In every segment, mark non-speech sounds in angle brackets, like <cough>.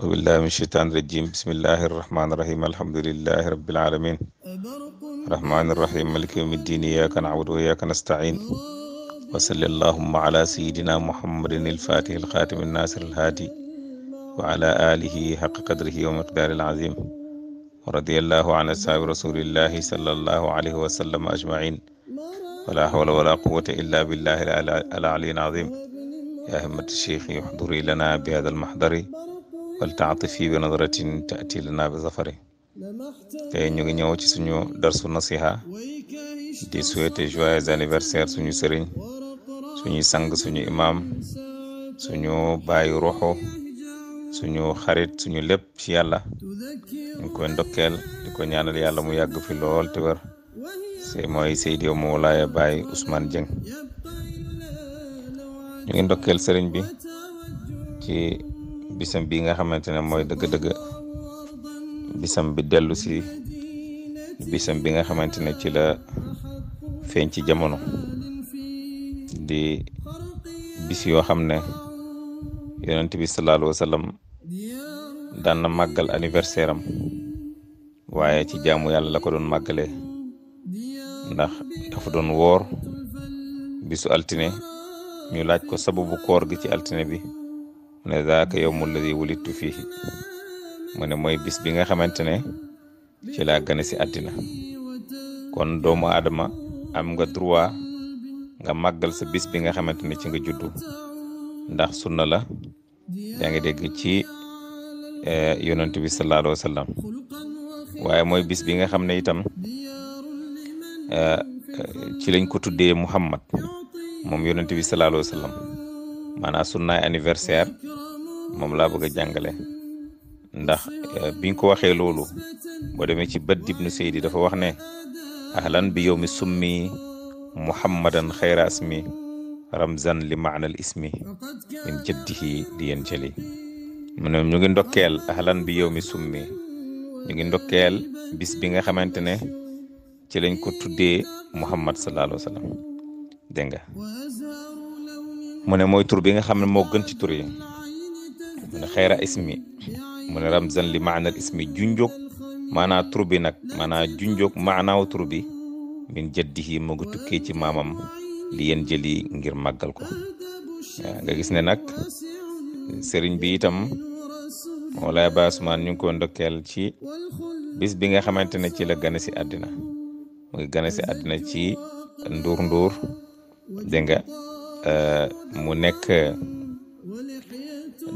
أعوذ بالله من الشيطان الرجيم بسم الله الرحمن الرحيم الحمد لله رب العالمين الرحمن الرحيم مالك يوم الدين إياك نعبد وإياك نستعين وصل اللهم على سيدنا محمد الفاتح الخاتم الناصر الهادي وعلى آله حق قدره ومقدار العظيم ورضي الله عن أصحاب رسول الله صلى الله عليه وسلم أجمعين ولا حول ولا قوة إلا بالله العلي العظيم يا همة الشيخ احضري لنا بهذا المحضر wal taatifi bi nadratin taati lana bi zafari tey ñu ngi ñëw ci suñu darsu nasiha di souhaiter joyeux anniversaire suñu sëriñ suñu sang suñu imam suñu bàyyi ruuxu suñu xarit suñu lépp ci yàlla ñu ngi koy ndokkeel di ko ñaanal yàlla mu yàgg fi lool te wér c'est mooy Seydi Mawlaaya Baye Ousmane Dieng ñu ngi ndokkeel sëriñ bi bisam bi nga xamante ne mooy dëgg-dëgg bisam dellusi dellu si bi nga xamante ne ci la feeñ ci jamono di bis yoo xam ne yonent bi sallallahu alayhi wa sallam daan na màggal anniversaire waaye ci jaamu yàlla la ko doon màggalee ndax dafa doon woor bisu altine ñu laaj ko sababu koor gi ci altine bi mu ne zaaka yowmu alladi wulittu fiihi mu ne mooy bis bi nga xamante ne ci la gane si àddina kon doomu aadama am nga droit nga màggal sa bis bi nga xamante ne ci nga juddu ndax sunna la yaa ngi dégg ci eh, yonent bi sallallahu alayhi wa sallam waaye mooy bis bi nga xam ne itam eh, eh, ci lañ ko tuddee Muhammad moom yonent bi sallallahu alayhi wa sallam maanaam sunnaay anniversaire moom laa bëgg a jàngale ndax euh, biñ ko waxee loolu boo demee ci bët ibnu seydi dafa wax ne ahlan bi mi summi muhammadan xayra ismi ramzan li maanal ismi min jëddihi di yéen jëli mu ñu ngi ndokkeel ahlan bi yow mi summi ñu ngi ndokkeel bis bi nga xamante ne ci lañ ko tuddee muhammad sallallahu alayhi wa sallam mu ne mooy tur bi nga xam ne moo gën ci tur yi mu ne xayra ismi mu ne ramzan li maanal ismi junjóg maanaa tur bi nag maanaa junjóg maanaaw tur bi min jaddihi mu tukkee ci maamam li yeen ngir màggal ko nga gis ne nag sëriñ bi itam Mawlaay Baay Usmaan ñu ngi ndokkeel ci bis bi nga xamante ne ci la gane si àddina mu ngi si àddina ci nduur ndur dégg nga Euh, mu nekk euh,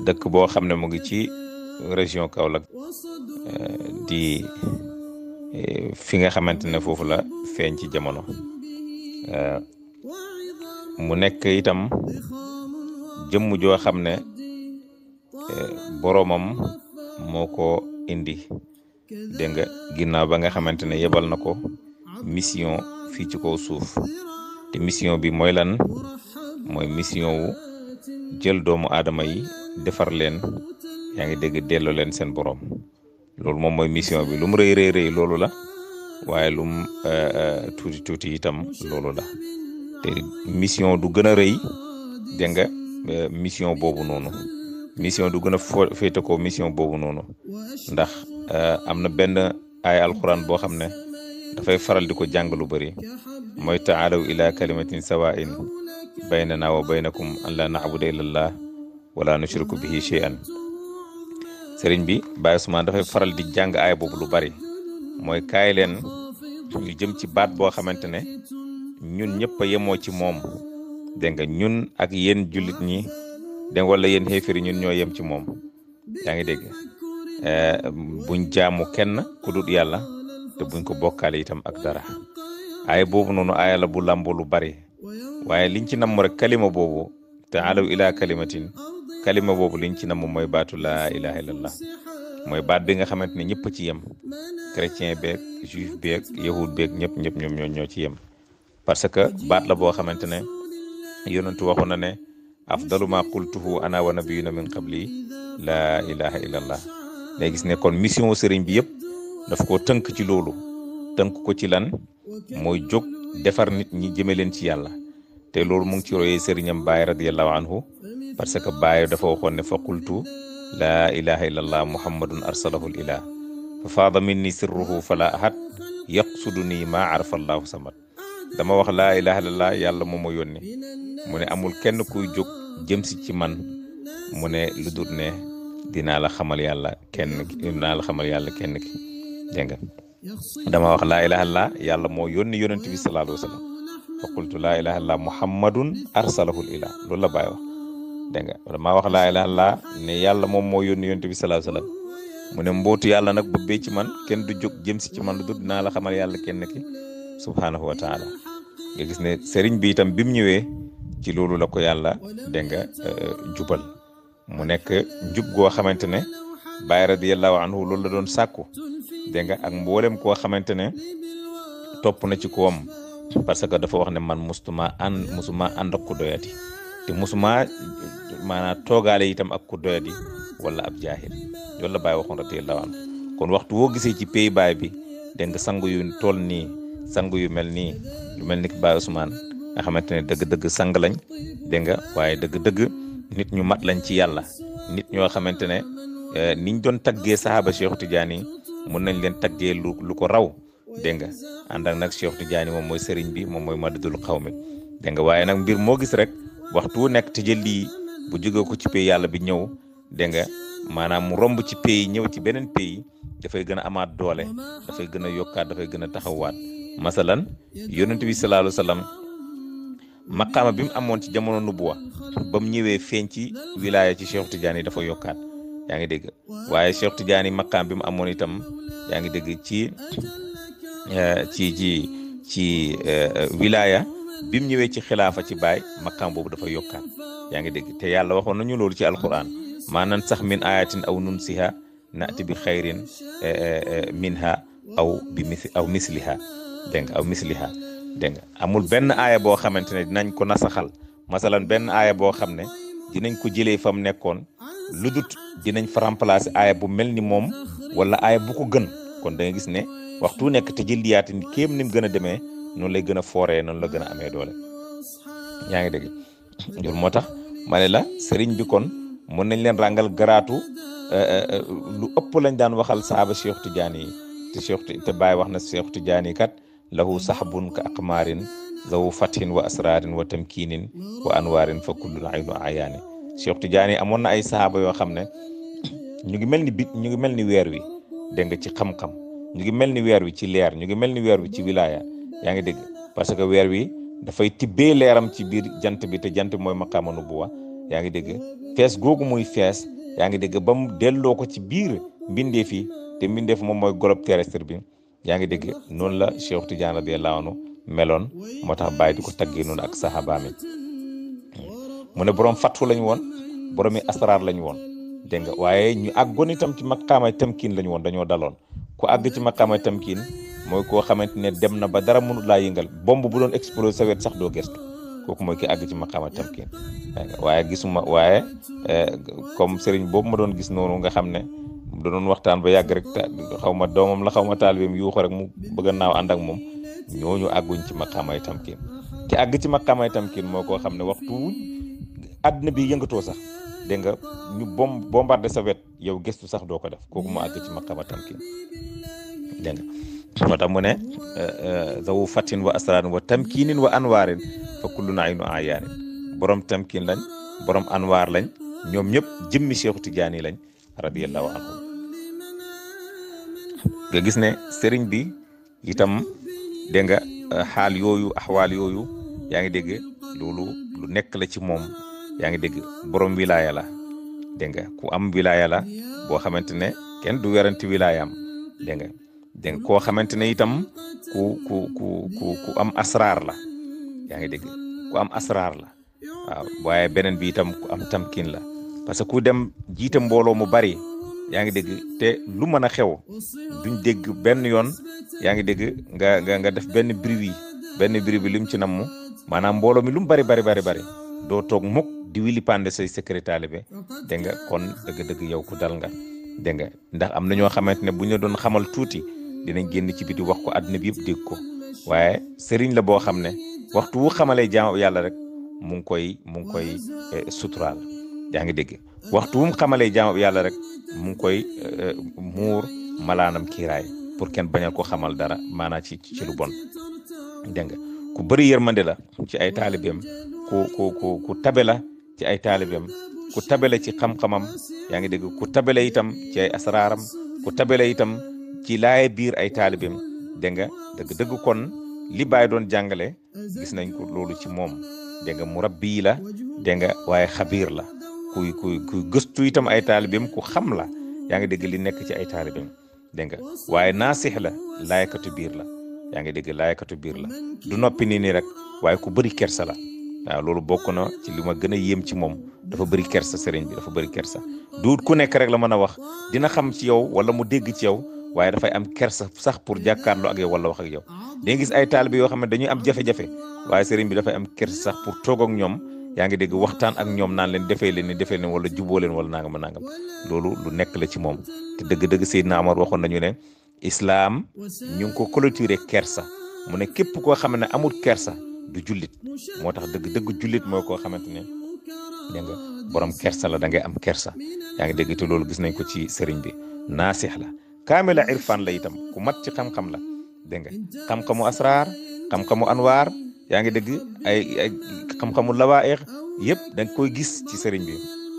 dëkk boo xam ne mu ngi ci région Kaolack euh, di fi nga xamante ne foofu la feeñ ci jamono mu nekk itam jëmm joo xam ne boroomam moo ko indi dégg nga ginnaaw ba nga xamante ne yebal na ko mission fii ci kaw suuf te mission bi mooy lan mooy mission wu jël doomu aadama yi defar leen yaa ngi dégg delloo leen seen borom loolu moom mooy mission bi lu mu rëy rëy rëy loolu la waaye lum mu euh, euh, tuuti tuuti itam loolu la te mission du gën a rëy dégg nga euh, mission boobu noonu mission du gën a féete ko mission boobu noonu ndax am na benn ay alquran boo xam ne dafay faral di ko jàng lu bëri mooy taalaw ila kalimatin sawain baynana wa baynakum an la na'budu illallah wala nushriku bihi shay'an sëriñ bi Baye Ousmane dafay faral di jàng aaya boobu lu bari mooy kaay leen ñu jëm ci baat boo xamante ne ñun ñëpp a yemoo ci moom dégg nga ñun ak yéen julit ñi dégg wala yéen xeefir ñun ñoo yem ci moom yaa ngi dégg eh, buñ jaamu kenn ku dut yàlla te buñ ko bokkaale itam ak dara aaya boobu noonu bu làmboo lu bari waaye liñ ci namm rek kalima boobu taalaw ila kalimatin kalima boobu liñ ci namm mooy baatu laa ilaha illallah mooy baat bi nga xamante ne ñëpp ci yem chrétien beeg juif beeg yahud beeg ñëpp ñëpp ñoom ñoo ñoo ci yem parce que baat la boo xamante ne yonentu waxu na ne afdalu ma qultuhu ana wa nabiyuna min qabli laa ilaha illallah day gis ne kon mission sëriñ bi yëpp daf ko tënk ci loolu tënk ko ci lan mooy jóg defar nit ñi jëme leen ci yàlla te loolu mu ngi ci royee sëriñam Baay radiyallahu anhu parce que Baay dafa waxoon ne fa qultu laa ilaha illallah muhammadun arsalahul ilah fa faada minni sirruhu fala ahad yaqsudu nii maa arafa allahu samad dama wax laa ilaha illallah yàlla moom ma yónni mu ne amul kenn kuy jóg jëm si ci man mu ne lu ne dinaa la xamal yàlla kenn ki dinaa xamal yàlla kenn ki nga dama wax laa ilaha illa yàlla moo yónni yonent bi sallallahu alayhi wa sallam fa qultu laa ilaha illa muhammadun arsalahul ila loolu la bàyyi wax ma nga dama wax laa ilaha illa ne yàlla moom moo yónni yonent bi sallallahu alayhi wa sallam mu ne mbootu yàlla nag ba bee ci man kenn du jóg jëm si ci man lu dul dinaa la xamal yàlla kenn ki subhaanahu wa taala nga gis ne sëriñ bi itam bi mu ñëwee ci loolu la ko yàlla dégg nga euh, jubal mu nekk jub goo xamante ne Baay radiyallahu anhu loolu la doon sàkku dégg nga ak mboolem koo xamante ne topp na ci koom parce que dafa wax ne man mosutuma ànd mosuma ànd ak ku doyati te mosuma maanaam toogaale itam ak ku doyati wala ab jaahil loolu la Baay waxoon radiyallahu anhu kon waxtu woo gisee ci pays baay bi dégg nga sang yu toll nii sang yu mel nii lu mel ni ki Baay Usmaan nga xamante ne dëgg-dëgg sang lañ dégg nga waaye dëgg-dëgg nit ñu mat lañ ci yàlla nit ñoo xamante ne. Eh, niñ doon taggee saxaaba Cheikh Tidiane mun nañ leen taggee lu lu ko raw dégg nga ànd ak nag Cheikh jaani moom mooy sëriñ bi moom mooy madadul xawmi dégg nga waaye nag mbir moo gis rek waxtu wu nekk tëjëli bu jógee ko ci pays yàlla bi ñëw dégg nga maanaam mu romb ci pays ñëw ci beneen pays dafay gën a amaat doole dafay gën a yokkaat dafay gën a taxawaat masalan yonent bi salaalu salaam maqaama bi mu amoon ci jamono nubuwa ba mu ñëwee feeñ ci wilaaya ci Cheikh jaan yi dafa yokkaat yaa ngi dégg waaye Cheikh Tidiane maqaam bi mu amoon itam yaa ngi dégg ci eh, ci ci ci eh, wilaya bi mu ñëwee ci xilaafa ci baay maqaam boobu dafa yokkaat yaa ngi dégg te yàlla waxoon nañu loolu ci alquran maanaam sax min ayatin aw nunsiha naati bi xayrin eh, minha aw bi mis aw misliha dégg nga aw misliha dégg amul benn aaya boo xamante ne dinañ ko nasaxal masalan benn aaya boo xam ne dinañ ko jëlee fa mu nekkoon lu dut dinañ fa remplacer aaya bu mel ni moom wala aaya bu gën kon da gis ne waxtu nekk te jëliyaate ni kéem ni mu gën a demee noonu lay gën foore fooree noonu la gën a amee doole yaa ngi dégg loolu moo tax ma ne la sëriñ bi mën nañ leen ràngal garaatu euh, euh, euh, lu ëpp lañ daan waxal saaba Cheikh Tidiane yi te Cheikh te Baye wax na Cheikh Tidiane jaani kat lahu saxbun ka aqmaarin zawu fathin wa asrarin wa tamkinin wa anwaarin fa kullul aynu ayaani Cheikh Tidiane amoon na ay saaba yoo xam ne ñu ngi mel ni bit ñu ngi mel ni weer wi dégg nga ci xam-xam ñu ngi mel ni weer wi ci leer ñu ngi mel ni weer wi ci wilaya yaa ngi dégg parce que weer wi dafay tibbee leeram ci biir jant bi te jant bi mooy bu nubuwa yaa ngi dégg fees googu muy fees yaa ngi dégg ba mu delloo ko ci biir mbindeef yi te mbindee fu moom mooy globe terrestre bi yaa ngi dégg noonu la Cheikh Tidiane radiyallahu anhu meloon moo tax bàyyi di ko taggee noonu ak saxaabaami mu boroom borom fattu lañ woon borom yi asraar lañ woon dégg nga waaye ñu àggoon itam ci maqaamay tamkiin lañ woon dañoo daloon ku àgg ci maqaamay tamkiin mooy koo xamante ne dem na ba dara mënut laa yëngal bomb bu doon explose sa wet sax doo gestu kooku mooy ki àgg ci maqaamay tamkiin waaye gisuma waaye eh, comme sëriñ boobu ma doon gis noonu nga xam ne doon waxtaan ba yàgg rek xaw ma doomam la xaw ma taalibeem yuuxu rek mu bëgg a naaw ànd ak moom ñooñu àgguñ ci maqaamay tamkiin ki àgg ci maqaamay kiin moo koo xam ne waxtu àdduna bi yëngatoo sax dégg nga ñu bom bombardé yow gëstu sax doo ko def kooku mu àgg ci maqama tamkin dégg nga moo tax ne euh, euh, zawu fatin wa asrarin wa tamkinin wa anwaarin fa kullu na ay nu ayaanin borom tamkin lañ borom anwaar lañ ñoom ñëpp jëmmi Cheikhu Tidiane yi lañ radiyallahu anhu nga gis ne sëriñ bi itam dégg nga euh, xaal yooyu axwaal yooyu yaa ngi dégg loolu lu nekk la ci moom yaa ngi dégg borom wilaaya la dégg nga ku am wilaaya la boo xamante ne kenn du weranti wilaayaam dégg nga dégg nga koo xamante ne itam ku ku ku ku am asraar la yaa ngi dégg ku am asraar la waaye beneen bi itam ku am tamkin la parce que ku dem jiite mbooloo mu bari yaa ngi dégg te lu mën a xew duñ dégg benn yoon yaa ngi dégg nga nga nga def benn bruit benn bruit bi lim ci namm maanaam mbooloo mi lum bari bari bari bari toog mukk di wili pande say secret dégg nga kon dëgg-dëgg yow ku dal dégg nga ndax am na ñoo xamante ne bu ñu doon xamal tuuti dinañ génn ci biti wax ko àdduna bi yëpp dégg ko waaye sëriñ la boo xam ne waxtu wu xamalee jaamu yàlla rek mu ngi koy mu ngi koy eh, suturaal yaa ngi dégg waxtu wu mu xamalee yàlla rek mu ngi koy eh, muur malaanam kiiraay pour kenn bañal ko xamal dara maanaa ci ci lu bon dégg nga ku bëri yërmande la ci ay taalibeem ku ku ku ku tabe la ci ay taalibeem ku tabale ci xam-xamam yaa ngi dégg ku tabale itam ci ay asraaram ku tabale itam ci laaye biir ay taalibeem dégg nga dëgg dëgg kon li bay doon jàngale gis nañ ko loolu ci moom dégg nga murabbi la dégg nga waaye xabiir la kuy kuy kuy gëstu itam ay taalibeem ku xam la yaa ngi dégg li nekk ci ay taalibeem dégg nga waaye naasix la laayakatu biir la yaa ngi dégg laayakatu biir la du noppi nii nii rek waaye ku bari kersa la waaw loolu bokk na ci li ma gën a yéem ci moom dafa bari kersa sëriñ bi dafa bëri kersa duut ku nekk rek la mën a wax dina xam ci yow wala mu dégg ci yow waaye dafay am kersa sax pour jàkkaarloo ak yow wala wax ak yow danga gis ay taalibe yoo xam ne dañuy am jafe-jafe waaye sëriñ bi dafay am kersa sax pour toog ak ñoom yaa ngi dégg waxtaan ak ñoom naan leen defee leen ni defee leen wala juboo leen wala nangam nangam loolu lu nekk la ci moom te dëgg-dëgg Seydina Amar waxoon nañu ne islam ñu ngi ko clôturé kersa mu ne képp koo xam ne amul kersa du jullit moo tax dëgg dëgg jullit mooy koo xamante ne dégg nga borom kersa la da ngay am kersa yaa ngi dégg loolu gis nañ ko ci sëriñ bi na la kaamila irfan la itam ku mat ci xam-xam la dégg nga xam-xamu asraar xam-xamu yaa ngi dégg ay ay xam-xamu lawaaix yëpp da koy gis ci sëriñ bi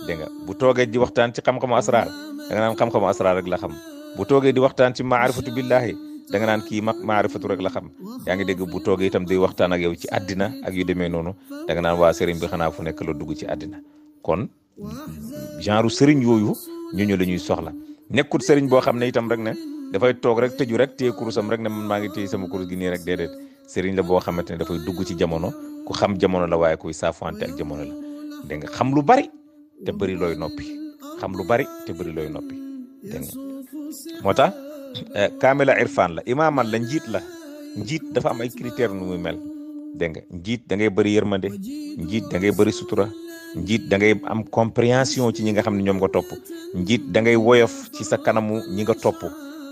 dégg nga bu toogee di waxtaan ci xam-xamu asraar da nga naan xam-xamu asraar rek la xam bu toogee di waxtaan ci maarifatu billahi danga naan kii ma maarifatu rek la xam yaa ngi dégg bu toogee itam day waxtaan ak yow ci àddina ak yu demee noonu da nga naan waa sëriñ bi xanaa fu nekk loo dugg ci àddina kon genre sëriñ yooyu ñooñu la ñuy soxla nekkut sëriñ boo xam ne itam rek ne dafay toog rek tëju rek téye kurusam rek ne man maa ngi téye sama kurus gi nii rek déedéet sëriñ la boo xamante ne dafay dugg ci jamono ku xam jamono la waaye kuy saafante ak jamono la da nga xam lu bari te bëri looy noppi xam lu bari te bëri looy noppi dégg Eh, kaamila irfan la imaaman la njiit la njiit dafa am ay critère nu muy mel dégg nga njiit da ngay bëri yërmande njiit da ngay bëri sutura njiit da ngay am compréhension ci ñi nga xam ne ñoom nga topp njiit da ngay woyof ci sa kanamu ñi nga topp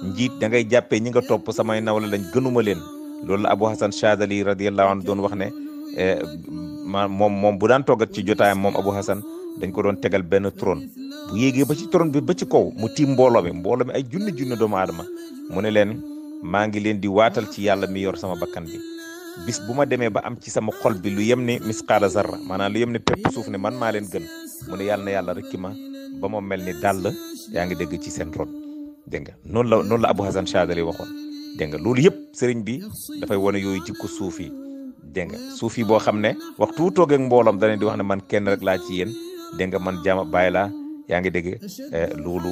njiit da ngay jàppee ñi nga topp samay nawla lañ gënuma leen loolu la Abu Hasan Chadali radiyallahu anhu doon wax ne eh, ma moom moom bu daan toogat ci jotaayam moom Abu Hasan dañ ko doon tegal benn trône bu yéegee ba ci trône bi ba ci kaw mu tiim mbooloo mi mbooloo ay junni junni doomu aadama mu ne leen maa ngi leen di waatal ci yàlla mi yor sama bakkan bi bis bu ma demee ba am ci sama xol bi lu yem ni misqaala zarra maanaam lu yem ni pepp suuf ne man maa leen gën mu ne yàlla na yàlla rekki ma ba ma mel ni dàll yaa ngi dégg ci seen ron dégg nga noonu la noonu la Abu Hasan Chadali waxoon dégg nga loolu yëpp sëriñ bi dafay wane yooyu jikko suuf yi dégg suuf yi boo xam ne waxtu wu toogee ak di wax ne man kenn rek laa ci yéen dégg nga man jaama bàyyi laa yaa ngi dégg eh, loolu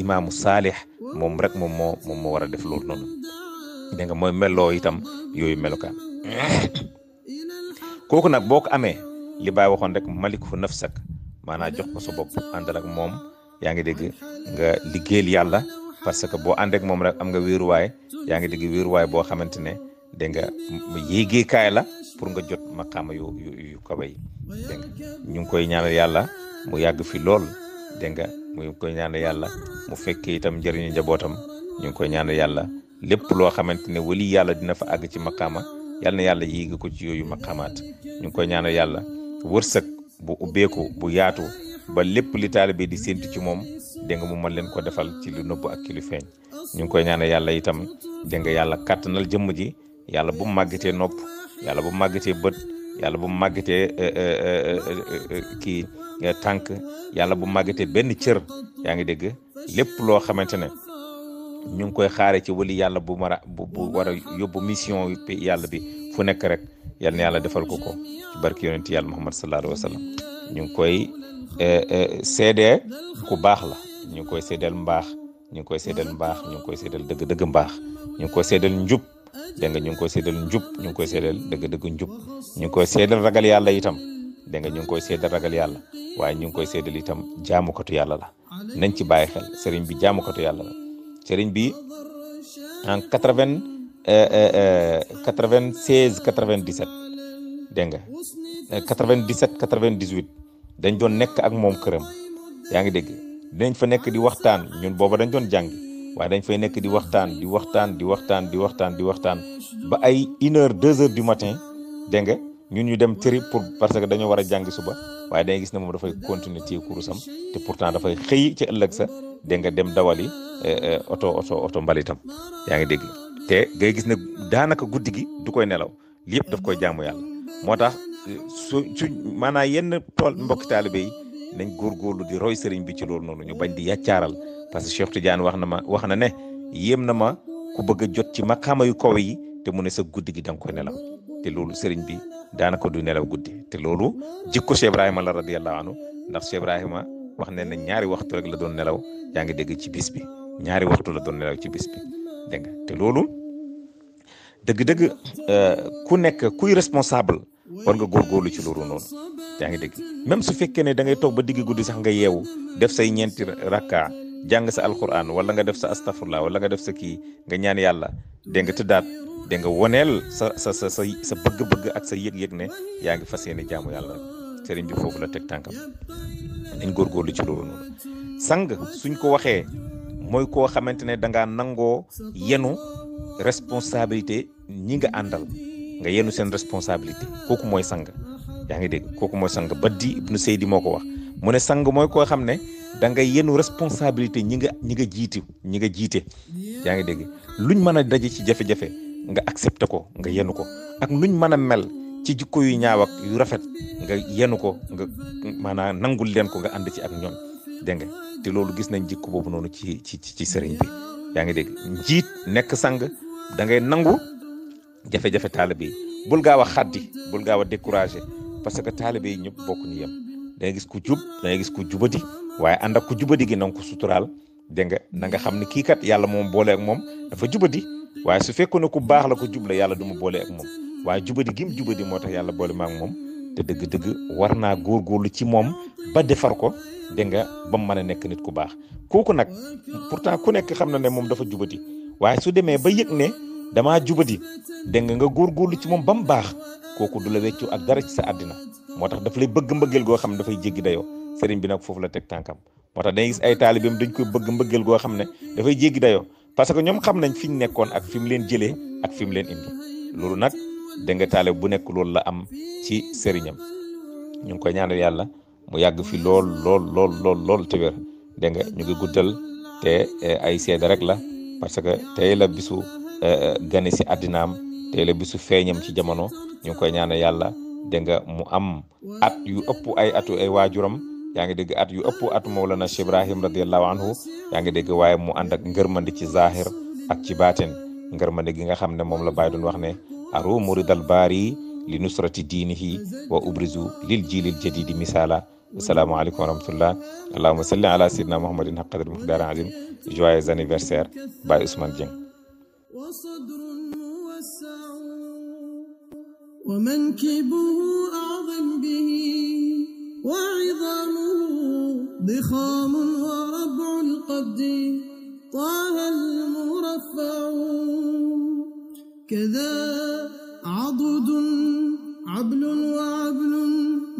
imaamu saalix moom rek moom moo moom moo war a def loolu noonu dégg nga mooy meloo itam yooyu ka <coughs> kooku nag boo ko amee li baay waxoon rek malik fu nafsak maanaam jox ko sa bopp àndal ak moom yaa ngi dégg nga liggéeyal yàlla parce que boo ànd ak moom rek am nga wéeruwaay yaa ngi dégg wéeruwaay boo xamante ne dégg nga yéegeekaay la pour nga jot maqaama yu yu yu ngi koy ñaana yàlla mu yàgg fi lool dégg nga mu ngi koy yàlla mu fekkee itam njëriñu njabootam ñu ngi koy ñaanal yàlla lépp loo xamante ne wali yàlla dina fa àgg ci maqaama yalla na yàlla yéege ko ci yooyu maqaamaat ñu ngi koy ñaanal yàlla wërsëg bu ubbeeku bu yaatu ba lépp li taalibe di séntu ci moom dégg nga mu mën leen ko defal ci lu nëbb ak ci feeñ ñu ngi koy ñaanal yàlla itam dégg nga yàlla kàttanal jëmm ji. yàlla bu mu màggatee nopp yàlla bu mu màggatee bët yàlla bu mu màggatee eh, eh, eh, kii tànk yàlla bu mu màggatee benn cër yaa ngi dégg lépp loo xamante ne ñu ngi koy xaare ci wali yàlla bu mara bu bu war a yóbbu mission yàlla bi fu nekk rek yal yàlla defal ko ko ci barki yonent yàlla Muhammad sallallahu alayhi wa ñu ngi koy seedee ku baax la ñu ngi koy seedeel mbaax ñu ngi koy seedeel mbaax ñu ngi koy seedeel dëgg-dëgg mbaax ñu ngi koy seedeel njub dégg nga ñu ngi koy seedal njub ñu ngi koy seedal dëgg-dëgg ñu ngi koy seedal ragal yàlla itam dégg nga ñu ngi koy seedal ragal yàlla waaye ñu ngi koy seedal itam jaamukatu yàlla la nañ ci bàyyi xel sëriñ bi jaamukatu yàlla la sëriñ bi en quatre vingt euh, euh, euh, quatre vingt seize quatre vingt dix sept dégg nga quatre vingt dix sept dañ doon nekk ak moom këram yaa ngi dégg dinañ fa nekk di waxtaan ñun booba dañ doon jàng waaye dañ fay nekk di waxtaan di waxtaan di waxtaan di waxtaan di waxtaan ba ay une heure deux heures du matin dégg ñu ñu dem tëri pour parce que dañoo war a jàngi suba waaye dañuy gis ne moom dafay continuer ci kurusam te pourtant dafay xëy ci ëllëg sa dégg nga dem dawali eh, eh, oto oto oto mbalitam yaa ngi dégg te ngay gis ne daanaka guddi gi du koy nelaw li yëpp daf koy jaamu yàlla moo tax su su maanaam yenn tool mbokki taalibe yi nañ góorgóorlu di roy sëriñ bi ci loolu noonu ñu bañ di yàccaaral parce que Cheikh Tidiane wax na ma wax na ne yéem na ma ku bëgg a jot ci maqaama yu kaw yi te mu ne sa guddi gi da koy nelaw te loolu sëriñ bi daanaka du nelaw guddi te loolu jikko Cheikh Ibrahima la radiyallahu anhu ndax Cheikh Ibrahima wax ne ne ñaari waxtu rek la doon nelaw yaa ngi dégg ci bis bi ñaari waxtu la doon nelaw ci bis bi dégg te loolu dëgg-dëgg euh, ku nekk kuy responsable war nga góorgóorlu ci loolu noonu yaa ngi dégg même su fekkee ne da ngay toog ba digg guddi sax nga yeewu def say ñeenti rakka. jàng sa alquran wala nga def sa astafurla wala nga def sa kii nga ñaan yàlla dégg nga tëddaat dégg nga woneel sa sa sa sa sa bëgg-bëgg ak sa yëg-yëg ne yaa ngi fas yéene jaamu yàlla sëriñ bi foofu la teg tànkam dañ góorgóorlu ci loolu noonu sang suñ ko waxee mooy koo xamante ne dangaa nangoo yenu responsabilité ñi nga àndal nga yenu seen responsabilité kooku mooy sang yaa ngi dégg kooku mooy sang ba di ibnu seydi moo ko wax mu sang mooy koo xam ne da ngay yenu responsabilité ñi nga ñi nga jiiti ñi nga jiite yaa ngi dégg luñ mën a daje ci jafe-jafe nga accepté ko nga yenu ko ak luñ mën a mel ci jikko yu ñaaw ak yu rafet nga yenu ko nga maanaam nangul leen ko nga ànd ci ak ñoom dégg nga te loolu gis nañ jikko boobu noonu ci ci ci sëriñ bi yaa ngi dégg njiit nekk sang da ngay nangu jafe-jafe taalibe bul gaaw a xaddi bul gaaw a découragé parce que taalibe yi ñëpp bokk ñu yem da gis ku jub da ngay gis ku jubadi waaye ànd ak ku jubadi gi na nga ko suturaal dégg nga xam ne kii kat yàlla moom boole ak moom dafa jubadi waaye su fekkoon ne ku baax la ko jubla yàlla du ma boole ak moom waaye jubadi gim jubadi moo tax yàlla boole ma moom te dëgg-dëgg war naa góorgóorlu ci moom ba defar ko dégg nga ba mu mën nekk nit ku baax kooku nag pourtant ku nekk xam na ne moom dafa jubadi waaye su demee ba yëg ne damaa jubadi dégg nga nga góorgóorlu ci moom ba mu baax kooku du la weccu ak dara ci sa àddina moo tax daf lay bëgg mbëggeel goo xam ne dafay jéggi dayoo sëriñ bi nag foofu la teg tànkam moo tax dañuy gis ay taalibeem dañ koy bëgg mbëggeel goo xam ne dafay jéggi dayoo parce que ñoom xam nañ fi ñu nekkoon ak fi leen jëlee ak fi mu leen indi loolu nag da nga taale bu nekk loolu la am ci sëriñam ñu ngi koy ñaanal yàlla mu yàgg fi lool lool lool lool te dégg nga ñu ngi guddal te eh, ay seede rek la parce que tey la bisu eh, eh, gane si àddinaam tey la bisu ci jamono ñu koy ñaanal yàlla dégg nga mu am at yu ëpp ay atu ay waajuram yaa ngi dégg at yu ëpp at Mawlana Cheikh Ibrahim radiallahu anhu yaa ngi dégg waaye mu ànd ak ngërmande ci zahir ak ci baatin ngërmande gi nga xam ne moom la Baay doon wax ne aru muridal baari li nusrati diinihi wa ubrizu lil jiilil jadidi misaala asalaamaaleykum wa rahmatullah allahuma salli ala sayyidina muhammadin haq qadri miqdaari azim joyeux anniversaire Baye Ousmane Dieng ضخام وربع القبض طه المرفع كذا عضد عبل وعبل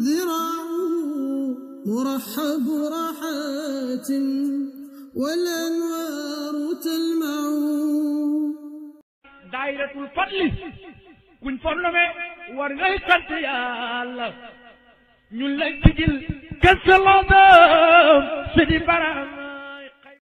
ذراعه مرحب راحات والأنوار تلمع دائرة الفضل كن فرنمي ورغي قد يا الله ñun lañ ci jël kese loo doon Sidi Barham